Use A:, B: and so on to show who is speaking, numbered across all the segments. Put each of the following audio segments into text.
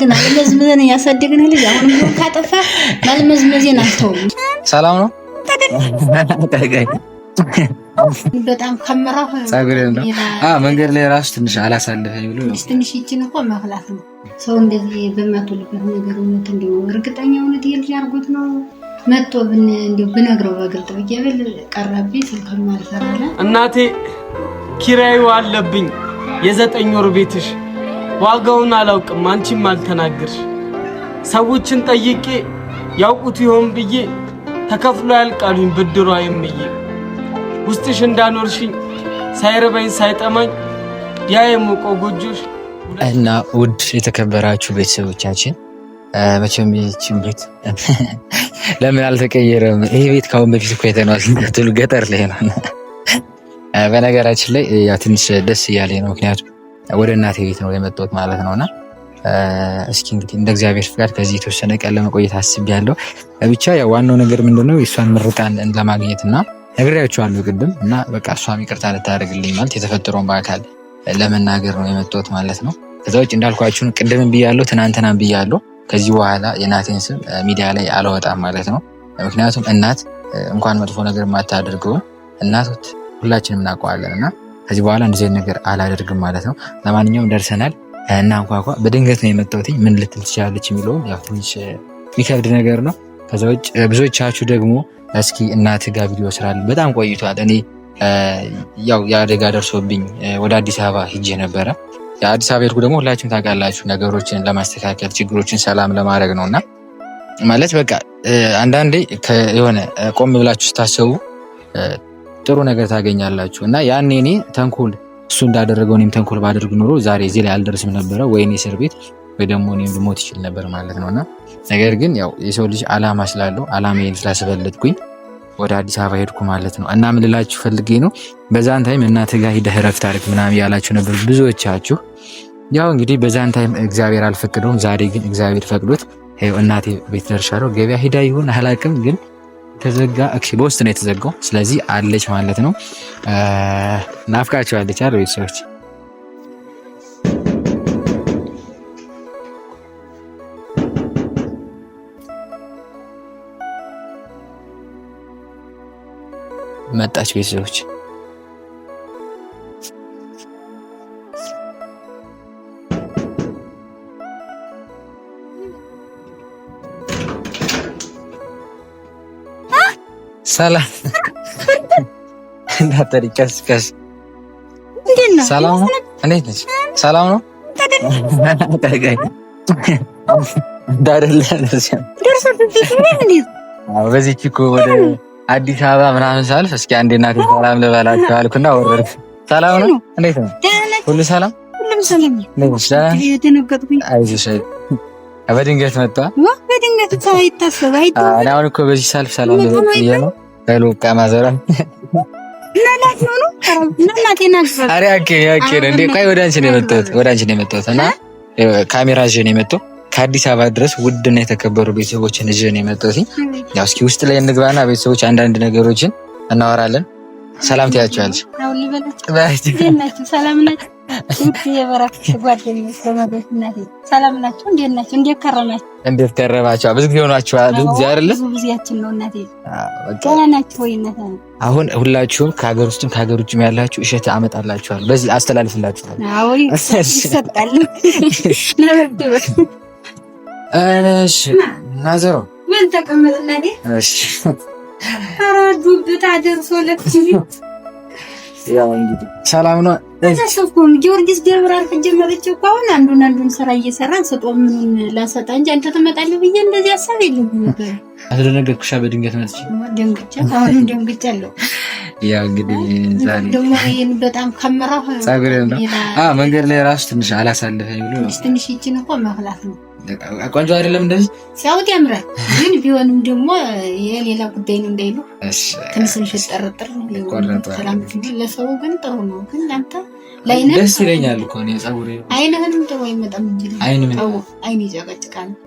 A: ግን መዝመዝን ያሳደግን ልጅ አሁን ሁ ካጠፋ ማልመዝመዜን አልተውም። ሰላም ነው። በጣም ከመራሁ ፀጉሬ መንገድ ላይ ራሱ ትንሽ አላሳልፈኝ ብሎ ትንሽ ይችን እኮ መክላት ነው። ሰው እንደዚህ በማትወልበት ነገር እውነት እንዲ እርግጠኛ እውነት የልጅ አድርጎት ነው መጥቶ እንዲ ብነግረው በግልጥ ብዬብል ቀረቤ ስልክም አልሰራለ። እናቴ ኪራዩ አለብኝ የዘጠኝ ወር ቤትሽ ዋጋውን አላውቅም፣ አንቺም አልተናገር። ሰዎችን ጠይቄ ያውቁት ይሆን ብዬ ተከፍሎ ያልቃሉኝ ብድሯ የምዬ ውስጥሽ እንዳኖርሽኝ ሳይርበኝ ሳይጠማኝ ያ የሞቆ ጎጆሽ እና ውድ የተከበራችሁ ቤተሰቦቻችን መቼም ይችን ቤት ለምን አልተቀየረም? ይሄ ቤት ካሁን በፊት እኮ የተኗል ገጠር ላይ ነው። በነገራችን ላይ ያ ትንሽ ደስ እያለ ነው ምክንያቱም ወደ እናቴ ቤት ነው የመጣሁት ማለት ነው እና እስኪ እንግዲህ እንደ እግዚአብሔር ፍቃድ ከዚህ የተወሰነ ቀን ለመቆየት አስቤያለሁ። ብቻ ያው ዋናው ነገር ምንድነው የእሷን ምርቃን ለማግኘት እና ነግሬያቸዋለሁ ቅድም እና በቃ እሷም ይቅርታ ልታደርግልኝ ማለት የተፈጠረውን በአካል ለመናገር ነው የመጣሁት ማለት ነው። ከዛ ውጭ እንዳልኳችሁን ቅድምም ብያለሁ፣ ትናንትና ብያለሁ። ከዚህ በኋላ የእናቴን ስም ሚዲያ ላይ አለወጣም ማለት ነው። ምክንያቱም እናት እንኳን መጥፎ ነገር የማታደርገውን እናቶት ሁላችንም እናውቀዋለን እና ከዚህ በኋላ እንደዚህ ነገር አላደርግም ማለት ነው። ለማንኛውም ደርሰናል እና እንኳኳ በድንገት ነው የመጣሁት። ምን ልትል ትችላለች የሚለውም ያው ትንሽ የሚከብድ ነገር ነው። ከዛ ውጭ ብዙዎቻችሁ ደግሞ እስኪ እናት ጋር ቪዲዮ ስራል በጣም ቆይቷል። እኔ ያው የአደጋ ደርሶብኝ ወደ አዲስ አበባ ሂጄ ነበረ። የአዲስ አበባ ሄድኩ ደግሞ ሁላችሁም ታውቃላችሁ፣ ነገሮችን ለማስተካከል ችግሮችን ሰላም ለማድረግ ነው እና ማለት በቃ አንዳንዴ የሆነ ቆም ብላችሁ ስታሰቡ ጥሩ ነገር ታገኛላችሁ። እና ያኔ እኔ ተንኮል እሱ እንዳደረገው እኔም ተንኮል ባደርግ ኖሮ ዛሬ እዚህ ላይ አልደርስም ነበረ ወይ እስር ቤት ወይ ደግሞ እኔም ልሞት ይችል ነበር ማለት ነው። እና ነገር ግን ያው የሰው ልጅ አላማ ስላለው አላማዬን ስላስበለጥኩኝ ወደ አዲስ አበባ ሄድኩ ማለት ነው። እና ምልላችሁ ልላችሁ ፈልጌ ነው በዛን ታይም እናትህ ጋር ሂደህ እረፍት አድርግ ምናምን ያላችሁ ነበር ብዙዎቻችሁ። ያው እንግዲህ በዛን ታይም እግዚአብሔር አልፈቅደውም። ዛሬ ግን እግዚአብሔር ፈቅዶት እናቴ ቤት ደርሻለሁ። ገበያ ሂዳ ይሁን አላቅም ግን ተዘጋ። እሺ በውስጥ ነው የተዘጋው። ስለዚህ አለች ማለት ነው። ናፍቃቸዋለች አይደል ቤተሰቦች? መጣች ቤተሰቦች። ሰላም እንዳጠሪ ቀስ ቀስ ሰላም ነው። እንዴት ነች? ሰላም ነው። በዚህ እኮ ወደ አዲስ አበባ ምናምን ሳልፍ እስኪ አንዴ አንዴና ሰላም ልበላቸው አልኩና ወረድኩ። ሰላም ነው። እንዴት ነው? ሁሉ ሰላም በድንገት መጣ። በድንገት አይታሰብ። አሁን እኮ በዚህ ሳልፍ ሰላም ነው ሉቃ ማዘራ ወደ አንቺ ነው የመጣሁት ወደ አንቺ ነው የመጣሁት እና ካሜራ ይዤ ነው የመጣሁ ከአዲስ አበባ ድረስ ውድና የተከበሩ ቤተሰቦችን ይዤ ነው የመጣሁት። ያው እስኪ ውስጥ ላይ እንግባና ቤተሰቦች አንዳንድ ነገሮችን እናወራለን። ሰላም ትያቸዋለሽ። ይቺ የበረከት ጓደኞች ዘመዶች፣ እናቴ ሰላም ናቸው? እንዴት ናቸው? እንዴት ከረማችሁ? እንዴት ከረማችሁ? ብዙ ጊዜ ሆናችሁ። ብዙ ጊዜ አይደለ? ብዙ ጊዜያችን ነው እናቴ። ገና ናችሁ ወይ እናቴ? አሁን ሁላችሁም ከሀገር ውስጥም ከሀገር ውጭም ያላችሁ እሸት አመጣላችኋለሁ። በዚህ አስተላልፍላችኋል። አዎ ይሰጣል። እሺ ናዘሮ ምን ተቀመጥ እናቴ። እሺ ኧረ ዱብታ ደርሶ ለክችቪት ያው እንግዲህ ሰላም ነው። ተሰብኩም ጊዮርጊስ ደብር አልተጀመረች እኮ አሁን አንዱን አንዱን ስራ እየሰራን ስጦ ምኑን ላሰጣ እንጂ አንተ ትመጣለህ ብዬ እንደዚህ ሀሳብ የለኝም ነበር። አስደነገጥኩሻ። በድንገት መጥቼ ደንግጫ። አሁንም ደንግጫ አለው ያው እንግዲህ ዛሬ ደግሞ ይሄን በጣም ከምራው ፀጉሬን ነው። አዎ መንገድ ላይ ራሱ ትንሽ አላሳልፈኝ ብሎ ነው። ትንሽ ይችን እኮ መፍላት ነው። ቆንጆ አይደለም እንደዚህ ሲያውት ያምራል። ግን ቢሆንም ደግሞ የሌላ ጉዳይ ነው እንዳይሉ ትንሽ ትንሽ ጠርጥር ለሰው ግን ጥሩ ነው። ግን አንተ ደስ ይለኛል እኮ እኔ ፀጉሬ አይንህንም ጥሩ አይመጣም እንጂ አይን ይጨቀጭቃል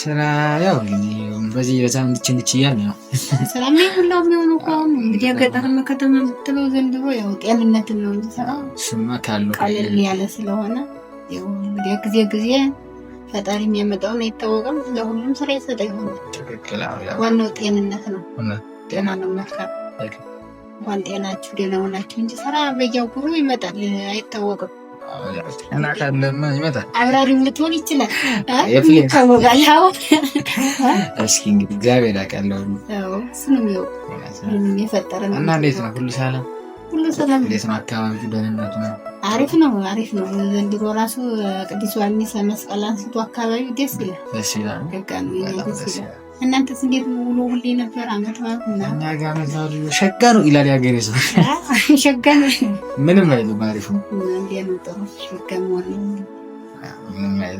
A: ስራ ያው በዚህ በጣም እንድች እያል ነው ስራ ላይ ሁላም ነው ነው እንግዲህ አጋጣሚ ከተማ የምትለው ዘንድሮ ያው ጤንነትን ነው እንጂ ስራ ስማ ካለው ቀለል ያለ ስለሆነ እንግዲህ ጊዜ ጊዜ ፈጣሪ የሚያመጣውን አይታወቅም። ለሁሉም ስራ የሰጠ ይሆናል። ዋናው ጤንነት ነው። ጤና ነው መልካም። እንኳን ጤናችሁ ደህና ሆናችሁ እንጂ ስራ በያው ጉሩ ይመጣል አይታወቅም። አብራሪም ልትሆን ይችላል። እስኪ እንግዲህ እግዚአብሔር ያውቃለው እና እንዴት ነው? ሁሉ ሰላም ሁሉ ሰላም። እንዴት ነው አካባቢ ደህንነት ነው? አሪፍ ነው፣ አሪፍ ነው። ዘንድሮ ራሱ ቅዱስ ዮሐንስ መስቀል አንስቶ አካባቢ ደስ ይላል። እናንተ እንዴት ውሎ ሁሌ ነበር? አመት ሸጋ ነው ይላል ያገሬ ሰው። ሸጋ ነው ምንም አይልም። አሪፍ ነው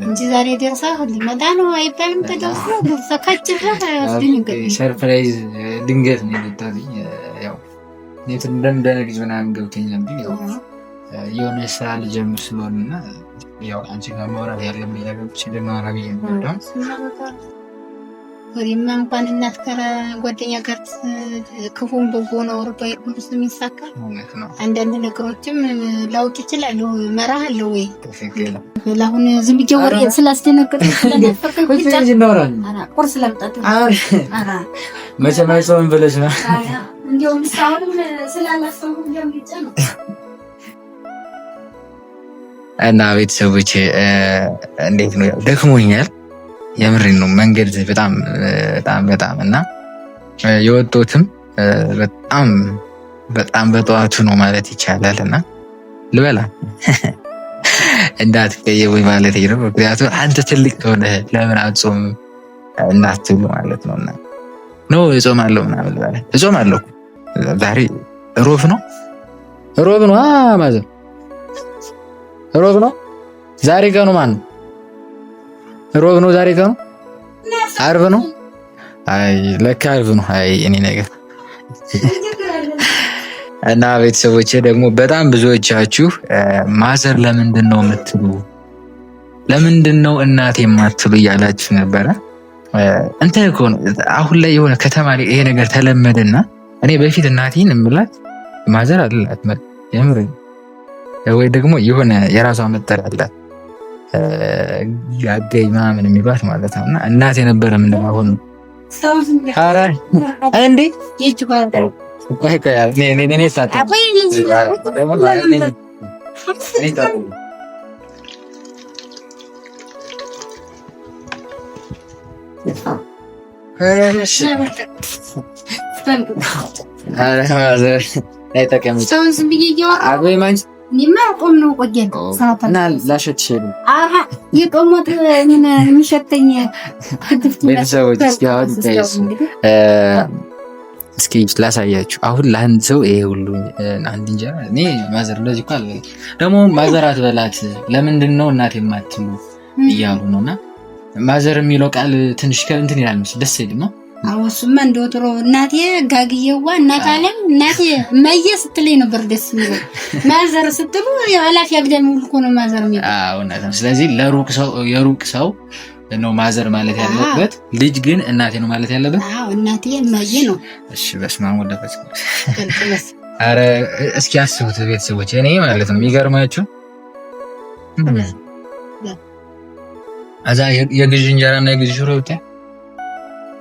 A: እንጂ ዛሬ ደርሳ ሊመጣ ነው አይባልም። ተደርሶ ሰርፕራይዝ ድንገት ነው የመጣልኝ። ያው እንደምደነግዝ ምናምን ገብተኛል። የሆነ ስራ ልጀምር ስለሆነ እና ያው አንቺ ጋር ማውራት ያለብኝ ነገሮች ልናወራ ብዬ ወይም እንኳን እናት ከጓደኛ ጋር ክፉን በጎ ነው ርባ ሁሉ ስለሚሳካ አንዳንድ ነገሮችም ላውቅ እችላለሁ። መራህ አለ ወይ ለአሁን ዝም ብዬ ወሬ ስላስደነገጠ ቁርስ እና ቤተሰቦች እንዴት ነው ደክሞኛል የምሬን ነው። መንገድ በጣም በጣም በጣም እና የወጡትም በጣም በጣም በጠዋቱ ነው ማለት ይቻላል እና ልበላ እንዳትቀየሙ ማለት ነው። ምክንያቱም አንተ ትልቅ ከሆነ ለምን አጾም እንዳትሉ ማለት ነው እና ኖ እጾም አለው ምናምን ማለት እጾም አለው ዛሬ ሮብ ነው ሮብ ነው ማዘር ሮብ ነው ዛሬ ቀኑ ማን ነው? ሮብ ነው ዛሬ ቀኑ? አርብ ነው። አይ ለካ አርብ ነው። አይ እኔ ነገር እና ቤተሰቦቼ ደግሞ በጣም ብዙዎቻችሁ ማዘር ለምንድን ነው የምትሉ ለምንድን ነው እናት የማትሉ እያላችሁ ነበረ። እንትን እኮ አሁን ላይ የሆነ ከተማ ላይ ይሄ ነገር ተለመደና እኔ በፊት እናቴን የምላት ማዘር አላት አልላት ወይ ደግሞ የሆነ የራሷ መጠሪያ አላት ያገኝ ምናምን የሚባት ማለት ነው። እና እናት የነበረ ምንድን ነው አሁን እንዴ ይችባል እኔማ ጦም ነው ቆየን ሰዓታና ላሸትሽ አሀ የጦም ወጥ ምን የሚሸተኝ ቤተሰቦች እስኪ እስኪ ላሳያችሁ። አሁን ለአንድ ሰው ይሄ ሁሉ አንድ እንጀራ እኔ ማዘር እንደዚህ እኮ አለ ደግሞ ማዘር አትበላት ለምንድን ነው እናት የማትሉ እያሉ ነው። እና ማዘር የሚለው ቃል ትንሽ እንትን ይላል መሰለኝ ደስ ይልማ አወሱማ እንደ ወትሮ እናቴ ጋግየዋ እናት አለም እናቴ መየ ስትለኝ ነበር ደስ የሚለው። ማዘር ስትሉ ኃላፊ አግዳሚ ሁሉ እኮ ነው ማዘር የሚለው። አዎ እናት ስለዚህ ለሩቅ ሰው የሩቅ ሰው ነው ማዘር ማለት ያለበት፣ ልጅ ግን እናቴ ነው ማለት ያለበት። አዎ እናቴ መየ ነው። እሺ በስመ አብ ወለደበት። አረ እስኪ አስቡት ቤተሰቦች፣ እኔ ማለት ነው የሚገርማችሁ እዛ የግዢ እንጀራና የግዢ ሽሮ ብታይ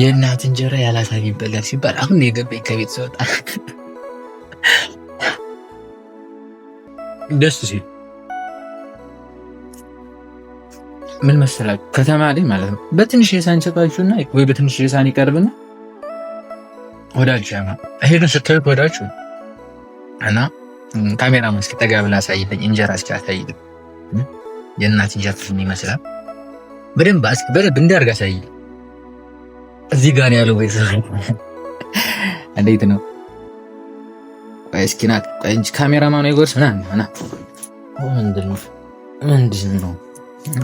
A: የእናት እንጀራ ያላሳት በላ ሲባል አሁን የገባኝ ከቤት ስወጣ ደስ ሲል ምን መሰላችሁ፣ ከተማ ላይ ማለት ነው። በትንሽ የሳን ይሰጣችሁና ወይ በትንሽ የሳን ይቀርብና ወዳጁ ያማ ይሄን ስታዩት ወዳጁ እና ካሜራ እስኪ ጠጋ ብላ አሳይልኝ፣ እንጀራ እስኪ አሳይልኝ፣ የእናት እንጀራ ይመስላል። በደንብ በደንብ እንዳርግ አሳይልኝ እዚህ ጋር ያለው። ቤተሰብ እንዴት ነው? ቆይ እስኪ ና ቆይ እንጂ ካሜራማኑ ይጎርስ ምናምን ና ምንድን ነው ምንድን ነው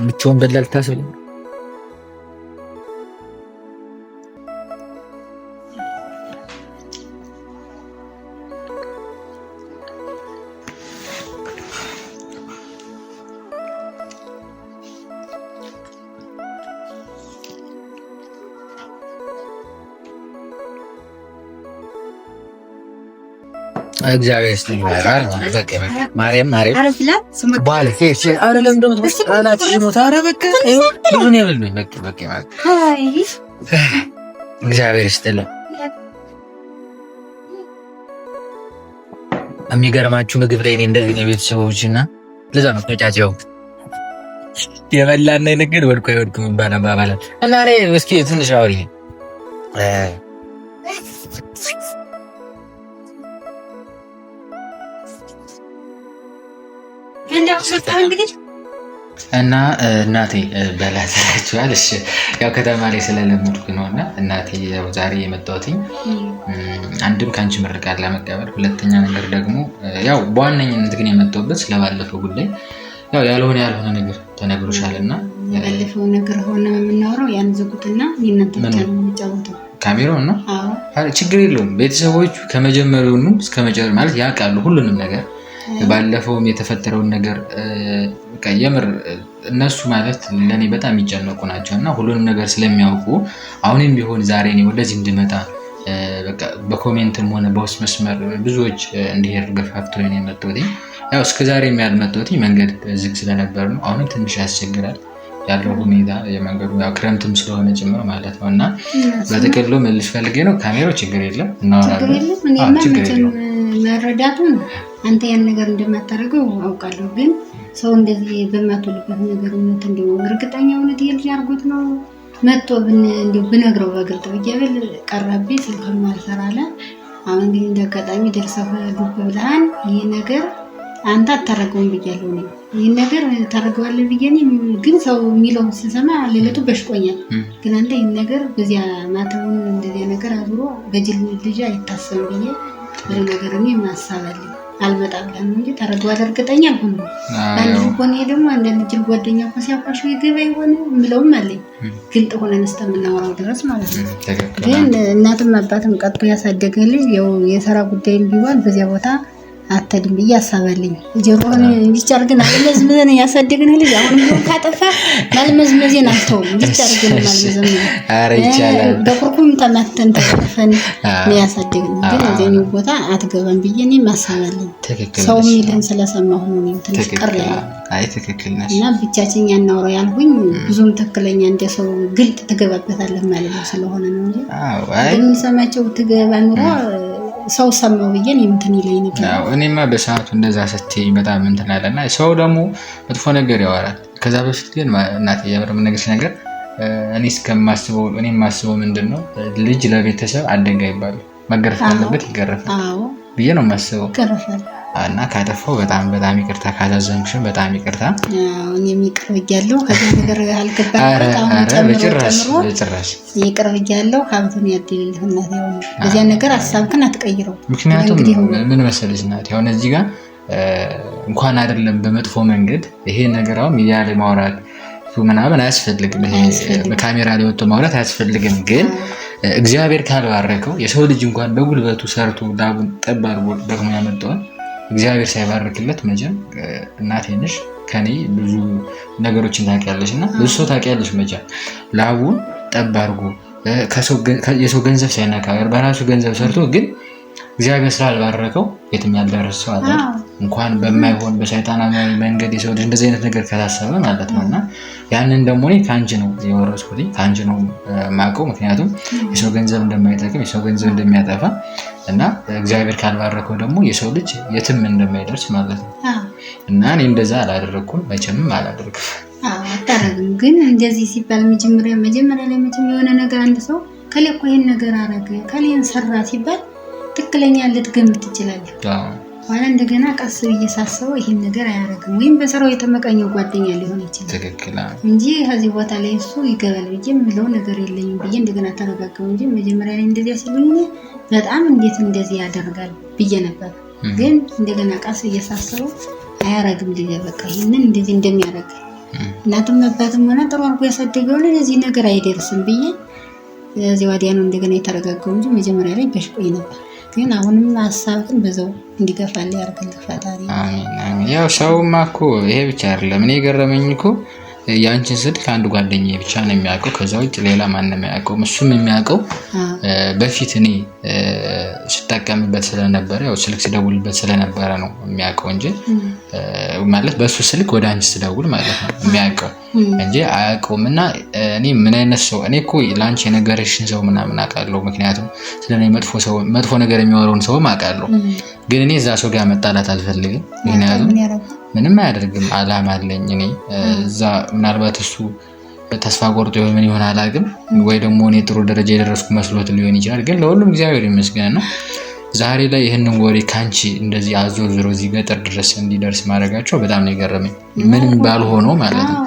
A: ብቻውን በላ ልታስብ እግዚአብሔር ይስጥልኝ። ማርያም ባል ማለት እግዚአብሔር የሚገርማችሁ ምግብ ላይ እኔ እንደዚህ ነው ቤተሰቦች እና ለዛ ነው የበላና የነገድ ወድቆ አይወድቅም ይባላል። እና እስኪ ትንሽ አውሪ እና እናቴ በላት ይላችኋል። እሺ ያው ከተማ ላይ ስለለመድኩ ነው። እና እናቴ ያው ዛሬ የመጣሁትኝ አንድም ከአንቺ ምርቃት ለመቀበል፣ ሁለተኛ ነገር ደግሞ ያው በዋነኝነት ግን የመጣሁበት ስለባለፈው ጉዳይ ያው ያልሆነ ያልሆነ ነገር ተነግሮሻል እና ያለፈው ነገር ሆነ የምናወራው ያን ዝጉትና የእናንተ የሚጫወተው ካሜራውን ነው ችግር የለውም ቤተሰቦቹ ከመጀመሪያውኑ እስከ መጨረሻ ማለት ያውቃሉ ሁሉንም ነገር ባለፈውም የተፈጠረውን ነገር የምር እነሱ ማለት ለእኔ በጣም ይጨነቁ ናቸው እና ሁሉንም ነገር ስለሚያውቁ አሁንም ቢሆን ዛሬ እኔ ወደዚህ እንድመጣ በኮሜንትም ሆነ በውስጥ መስመር ብዙዎች እንዲሄድ ገፋፍቶ ነው የመጣሁት። ያው እስከ ዛሬ ያልመጣሁት መንገድ ዝግ ስለነበር ነው። አሁንም ትንሽ ያስቸግራል። ያለው ሁኔታ የመንገዱ ክረምትም ስለሆነ ጭምር ማለት ነው። እና በጥቅሉ ምን ፈልጌ ነው? ካሜራው ችግር የለም እናወራለን። መረዳቱን አንተ ያን ነገር እንደማታደርገው አውቃለሁ፣ ግን ሰው እንደዚህ በማትወልበት ነገር ነት እንዲ እርግጠኛ እውነት የልጅ አድርጎት ነው መጥቶ እንዲ ብነግረው በግልጥ ብያበል ቀረቤ ስልክም አልሰራለ። አሁን እንግዲህ እንደ አጋጣሚ ደርሰህ ዱብ ብልሃን ይህ ነገር አንተ አታደርገውም ብያለሁ ነው ይህን ነገር ታደርገዋለ ብዬ ግን ሰው የሚለውን ስንሰማ ሌለቱ በሽቆኛል። ግን አንተ ይህን ነገር በዚያ ማተውን እንደዚያ ነገር አብሮ በጅል ልጅ አይታሰብም ብዬ ብዙ ነገር እኔ ማሳባለ አልመጣም ብለን እንጂ ታደርገዋለህ እርግጠኛ አልሆንም። አንድ ሆነ ደግሞ አንዳንድ ጅል ጓደኛ እኮ ሲያኳሽ የገባ የሆነ የምለውም አለኝ። ግን ጥሆነ ነስተ የምናወራው ድረስ ማለት ነው። ግን እናትም አባትም ቀጥቶ ያሳደገልኝ ያው የሰራ ጉዳይም ቢሆን በዚያ ቦታ አተድም ብዬ አሳባለኝ ጆሮን እንዲቻር ግን አልመዝመዘን ያሳደግን ልጅ አሁን ቢሆን ካጠፋ ማልመዝመዜን አልተውም። እንዲቻር ግን ማልመዝመዘን በኩርኩም ተመተን ተጠፈን ያሳደግን ግን እዚህኛው ቦታ አትገባም ብዬ እኔም አሳባለኝ። ሰው ሚልህን ስለሰማሁ ነው ትንሽ ቅር ያለ እና ብቻችን ያናውረ ያልሁኝ ብዙም ትክክለኛ እንደ ሰው ግልጥ ትገባበታለህ ማለት ነው ስለሆነ ነው እንጂ የሚሰማቸው ትገባ ኑሮ ሰው ሰማው ብዬን የምትን ይለኝ ነበር። እኔማ በሰዓቱ እንደዛ ስትይኝ በጣም እንትን እና ሰው ደግሞ መጥፎ ነገር ያወራል። ከዛ በፊት ግን እናቴ የምር የምነግርሽ ነገር እኔ እስከማስበው እኔ የማስበው ምንድን ነው ልጅ ለቤተሰብ አደጋ ይባሉ መገረፍ ያለበት ይገረፋል ብዬ ነው የማስበው። እና ካጠፋው በጣም በጣም ይቅርታ፣ ካሳዘንኩሽም በጣም ይቅርታ። እኔም ይቅር ብያለሁ። ከዚህ ነገር አልገባም። በጭራሽ በጭራሽ ይቅር ብያለሁ። ሀብቱን ያድልልህ እናቴ። በዚያ ነገር ሀሳብህን አትቀይረው። ምክንያቱም ምን መሰለሽ እናቴ፣ አሁን እዚህ ጋር እንኳን አይደለም በመጥፎ መንገድ ይሄ ነገር አሁን ሚዲያ ላይ ማውራት ምናምን አያስፈልግም። ካሜራ ላይ ወጥቶ ማውራት አያስፈልግም ግን እግዚአብሔር ካልባረከው የሰው ልጅ እንኳን በጉልበቱ ሰርቶ ላቡን ጠብ አድርጎ ደግሞ ያመጣዋል። እግዚአብሔር ሳይባርክለት መቼም እናቴ ነሽ ከኔ ብዙ ነገሮችን ታውቂያለሽ እና ብዙ ሰው ታውቂያለሽ መቼም ላቡን ጠብ አድርጎ የሰው ገንዘብ ሳይነካገር በራሱ ገንዘብ ሰርቶ ግን እግዚአብሔር ስላልባረከው የትም ያልደረሰ ሰው አለ። እንኳን በማይሆን በሰይጣናዊ መንገድ የሰው ልጅ እንደዚህ አይነት ነገር ከታሰበ ማለት ነው እና ያንን ደግሞ እኔ ከአንቺ ነው የወረስኩት፣ ከአንቺ ነው የማውቀው። ምክንያቱም የሰው ገንዘብ እንደማይጠቅም የሰው ገንዘብ እንደሚያጠፋ እና እግዚአብሔር ካልባረከው ደግሞ የሰው ልጅ የትም እንደማይደርስ ማለት ነው። እና እኔ እንደዛ አላደረግኩም፣ መቼም አላደርግም አታደርግም። ግን እንደዚህ ሲባል መጀመሪያ መጀመሪያ ላይ መቼም የሆነ ነገር አንድ ሰው ከሌ እኮ ይህን ነገር አረገ ከሌን ሰራ ሲባል ትክክለኛ ልትገምት ትችላለህ። ኋላ እንደገና ቀስ እየሳሰበው ይህን ነገር አያደርግም ወይም በስራው የተመቀኘው ጓደኛ ሊሆን ይችላል። ትክክል እንጂ ከዚህ ቦታ ላይ እሱ ይገባል ብዬ የምለው ነገር የለኝም ብዬ እንደገና ተረጋገው እንጂ መጀመሪያ ላይ እንደዚያ ሲሉኝ በጣም እንዴት እንደዚህ ያደርጋል ብዬ ነበር። ግን እንደገና ቀስ እየሳሰበው አያረግም ልጅ በቃ ይህንን እንደዚህ እንደሚያደርግ እናቱም አባትም ሆነ ጥሩ አርጎ ያሳደገው ለዚህ ነገር አይደርስም ብዬ እዚህ ዋዲያ ነው እንደገና የተረጋገው እንጂ መጀመሪያ ላይ በሽቆኝ ነበር። ግን አሁንም ሀሳብህን በዛው እንዲገፋል ያድርግልህ ፈጣሪ። ያው ሰውማ እኮ ይሄ ብቻ አይደለም። እኔ የገረመኝ እኮ የአንቺን ስልክ አንድ ጓደኛ ብቻ ነው የሚያውቀው። ከዛ ውጭ ሌላ ማን ነው የሚያውቀው እሱም የሚያውቀው በፊት እኔ ስጠቀምበት ስለነበረ ያው ስልክ ሲደውልበት ስለነበረ ነው የሚያውቀው እንጂ ማለት በእሱ ስልክ ወደ አንቺ ስደውል ማለት ነው የሚያውቀው እንጂ አያውቀውም። እና እኔ ምን አይነት ሰው እኔ እኮ ለአንቺ የነገረሽን ሰው ምናምን አውቃለሁ። ምክንያቱም ስለ መጥፎ ነገር የሚወረውን ሰውም አውቃለሁ። ግን እኔ እዛ ሰው ጋር መጣላት አልፈልግም ምክንያቱም ምንም አያደርግም። አላማ አለኝ እኔ እዛ ምናልባት እሱ ተስፋ ቆርጦ ምን ይሆን አላውቅም፣ ወይ ደግሞ እኔ ጥሩ ደረጃ የደረስኩ መስሎት ሊሆን ይችላል። ግን ለሁሉም እግዚአብሔር ይመስገን ነው። ዛሬ ላይ ይህንን ወሬ ካንቺ እንደዚህ ዝሮ እዚህ ገጠር ድረስ እንዲደርስ ማድረጋቸው በጣም ነው የገረመኝ። ምንም ባልሆነው ማለት ነው።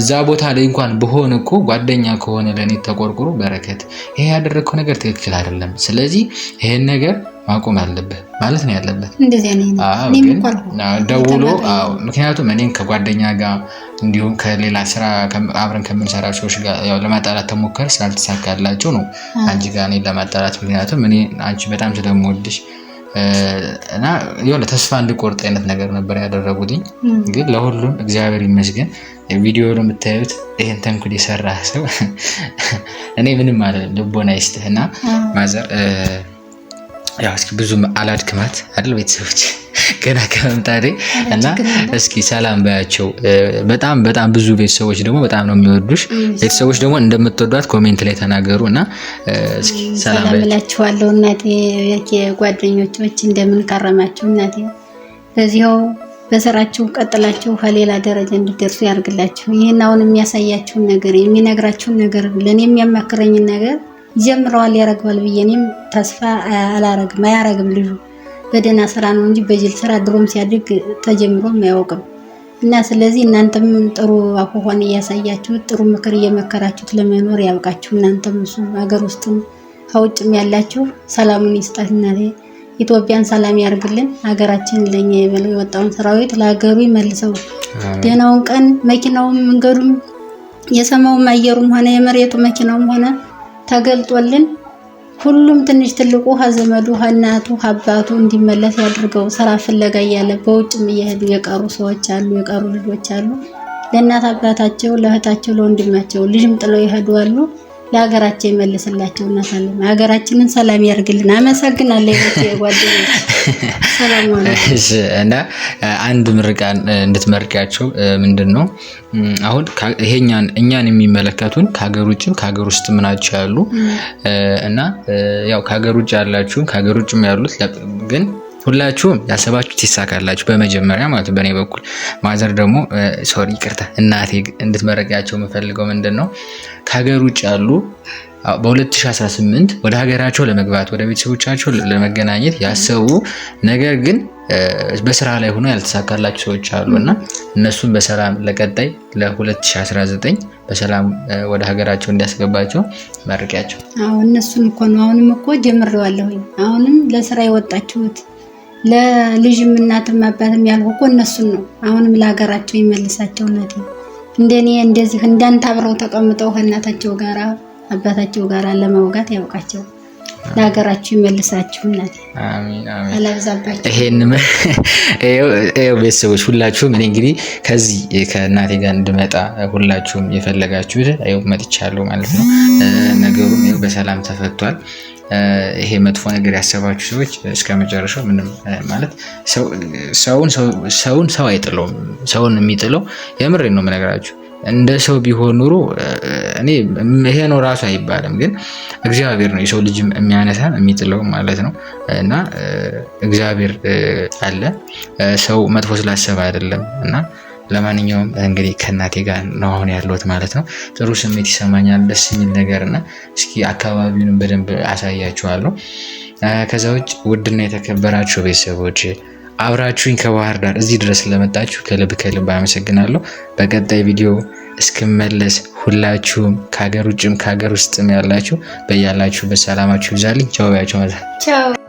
A: እዛ ቦታ ላይ እንኳን ብሆን እኮ ጓደኛ ከሆነ ለእኔ ተቆርቁሮ በረከት፣ ይሄ ያደረግከው ነገር ትክክል አይደለም፣ ስለዚህ ይህን ነገር ማቆም አለብህ ማለት ነው ያለበት። ደውሎ ምክንያቱም እኔም ከጓደኛ ጋር እንዲሁም ከሌላ ስራ አብረን ከምንሰራ ሰዎች ጋር ለማጣላት ተሞከር ስላልተሳካላቸው ነው አንቺ ጋር እኔን ለማጣላት። ምክንያቱም እኔ አንቺ በጣም ስለምወድሽ እና የሆነ ተስፋ እንድቆርጥ አይነት ነገር ነበር ያደረጉትኝ። ግን ለሁሉም እግዚአብሔር ይመስገን። ቪዲዮ የምታዩት ይህን ተንኩል የሰራ ሰው እኔ ምንም አለ ልቦና ይስጥህ እና ማዘር ያው እስኪ ብዙም አላድክማት አይደል ቤተሰቦች ገና ከመምጣቴ እና እስኪ ሰላም ባያቸው። በጣም በጣም ብዙ ቤተሰቦች ደግሞ በጣም ነው የሚወዱሽ። ቤተሰቦች ደግሞ እንደምትወዷት ኮሜንት ላይ ተናገሩ እና እስኪ ሰላም እላችኋለሁ እናቴ ጓደኞች እንደምን ከረማችሁ እናቴ። በዚያው በስራችሁ ቀጥላችሁ ከሌላ ደረጃ እንድትደርሱ ያርግላችሁ። ይህን አሁን የሚያሳያችሁን ነገር የሚነግራችሁን ነገር ለእኔ የሚያማክረኝን ነገር ጀምረዋል ያረግባል ብዬ እኔም ተስፋ አላረግም። አያረግም ልጁ በደህና ስራ ነው እንጂ በጅል ስራ ድሮም ሲያድግ ተጀምሮም አያውቅም። እና ስለዚህ እናንተም ጥሩ አኳኋን እያሳያችሁ ጥሩ ምክር እየመከራችሁት ለመኖር ያብቃችሁ። እናንተም እሱ ሀገር ውስጥም ከውጭም ያላችሁ ሰላሙን ይስጣት እናቴ። ኢትዮጵያን ሰላም ያርግልን። ሀገራችን ለኛ የበለው የወጣውን ሰራዊት ለሀገሩ ይመልሰው። ደህናውን ቀን መኪናውም መንገዱም የሰማውም አየሩም ሆነ የመሬቱ መኪናውም ሆነ ተገልጦልን ሁሉም ትንሽ ትልቁ ከዘመዱ እናቱ አባቱ እንዲመለስ ያድርገው። ስራ ፍለጋ እያለ በውጭም እየሄዱ የቀሩ ሰዎች አሉ፣ የቀሩ ልጆች አሉ። ለእናት አባታቸው፣ ለእህታቸው፣ ለወንድማቸው ልጅም ጥለው ይሄዱ አሉ። ለሀገራቸው ይመልስላቸው። ሰላም ሀገራችንን ሰላም ያርግልን። አመሰግናለሁ ጓደኞች። ሰላም እና አንድ ምርቃን እንድትመርቂያቸው ምንድን ነው አሁን ይሄኛን እኛን የሚመለከቱን ከሀገር ውጭም ከሀገር ውስጥ ምናቸው ያሉ እና ያው ከሀገር ውጭ ያላችሁም ከሀገር ውጭም ያሉት ግን ሁላችሁም ያሰባችሁት ይሳካላችሁ፣ በመጀመሪያ ማለት በእኔ በኩል ማዘር ደግሞ ሶሪ ይቅርታ፣ እናቴ እንድትመረቂያቸው የምፈልገው ምንድን ነው ከሀገር ውጭ ያሉ በ2018 ወደ ሀገራቸው ለመግባት ወደ ቤተሰቦቻቸው ለመገናኘት ያሰቡ ነገር ግን በስራ ላይ ሆኖ ያልተሳካላቸው ሰዎች አሉ እና እነሱን በሰላም ለቀጣይ ለ2019 በሰላም ወደ ሀገራቸው እንዲያስገባቸው መርቂያቸው። እነሱን እኮ ነው አሁንም እኮ ጀምሬዋለሁኝ። አሁንም ለስራ የወጣችሁት ለልጅም እናትም አባትም ያልኩ እኮ እነሱን ነው። አሁንም ለሀገራቸው ይመልሳቸው እናቴ። እንደኔ እንደዚህ እንዳንተ አብረው ተቀምጠው ከእናታቸው ጋር አባታቸው ጋር ለመውጋት ያውቃቸው። ለሀገራችሁ ይመልሳችሁ እናቴ። ቤተሰቦች ሁላችሁም እኔ እንግዲህ ከዚህ ከእናቴ ጋር እንድመጣ ሁላችሁም የፈለጋችሁት መጥቻለሁ ማለት ነው። ነገሩም በሰላም ተፈቷል። ይሄ መጥፎ ነገር ያሰባችሁ ሰዎች እስከ መጨረሻው ምንም ማለት ሰውን ሰው አይጥለውም። ሰውን የሚጥለው የምሬ ነው የምነግራችሁ። እንደ ሰው ቢሆን ኑሮ እኔ ይሄ ነው ራሱ አይባልም፣ ግን እግዚአብሔር ነው የሰው ልጅ የሚያነሳ የሚጥለው ማለት ነው። እና እግዚአብሔር አለ ሰው መጥፎ ስላሰበ አይደለም እና ለማንኛውም እንግዲህ ከእናቴ ጋር ነው አሁን ያለሁት ማለት ነው። ጥሩ ስሜት ይሰማኛል፣ ደስ የሚል ነገር እና እስኪ አካባቢውን በደንብ አሳያችኋለሁ። ከዛ ውጭ ውድና የተከበራችሁ ቤተሰቦች አብራችሁኝ ከባህር ዳር እዚህ ድረስ ስለመጣችሁ ከልብ ከልብ አመሰግናለሁ። በቀጣይ ቪዲዮ እስክመለስ ሁላችሁም ከሀገር ውጭም ከሀገር ውስጥም ያላችሁ በያላችሁ በሰላማችሁ ይብዛልኝ። ቻው ቻው።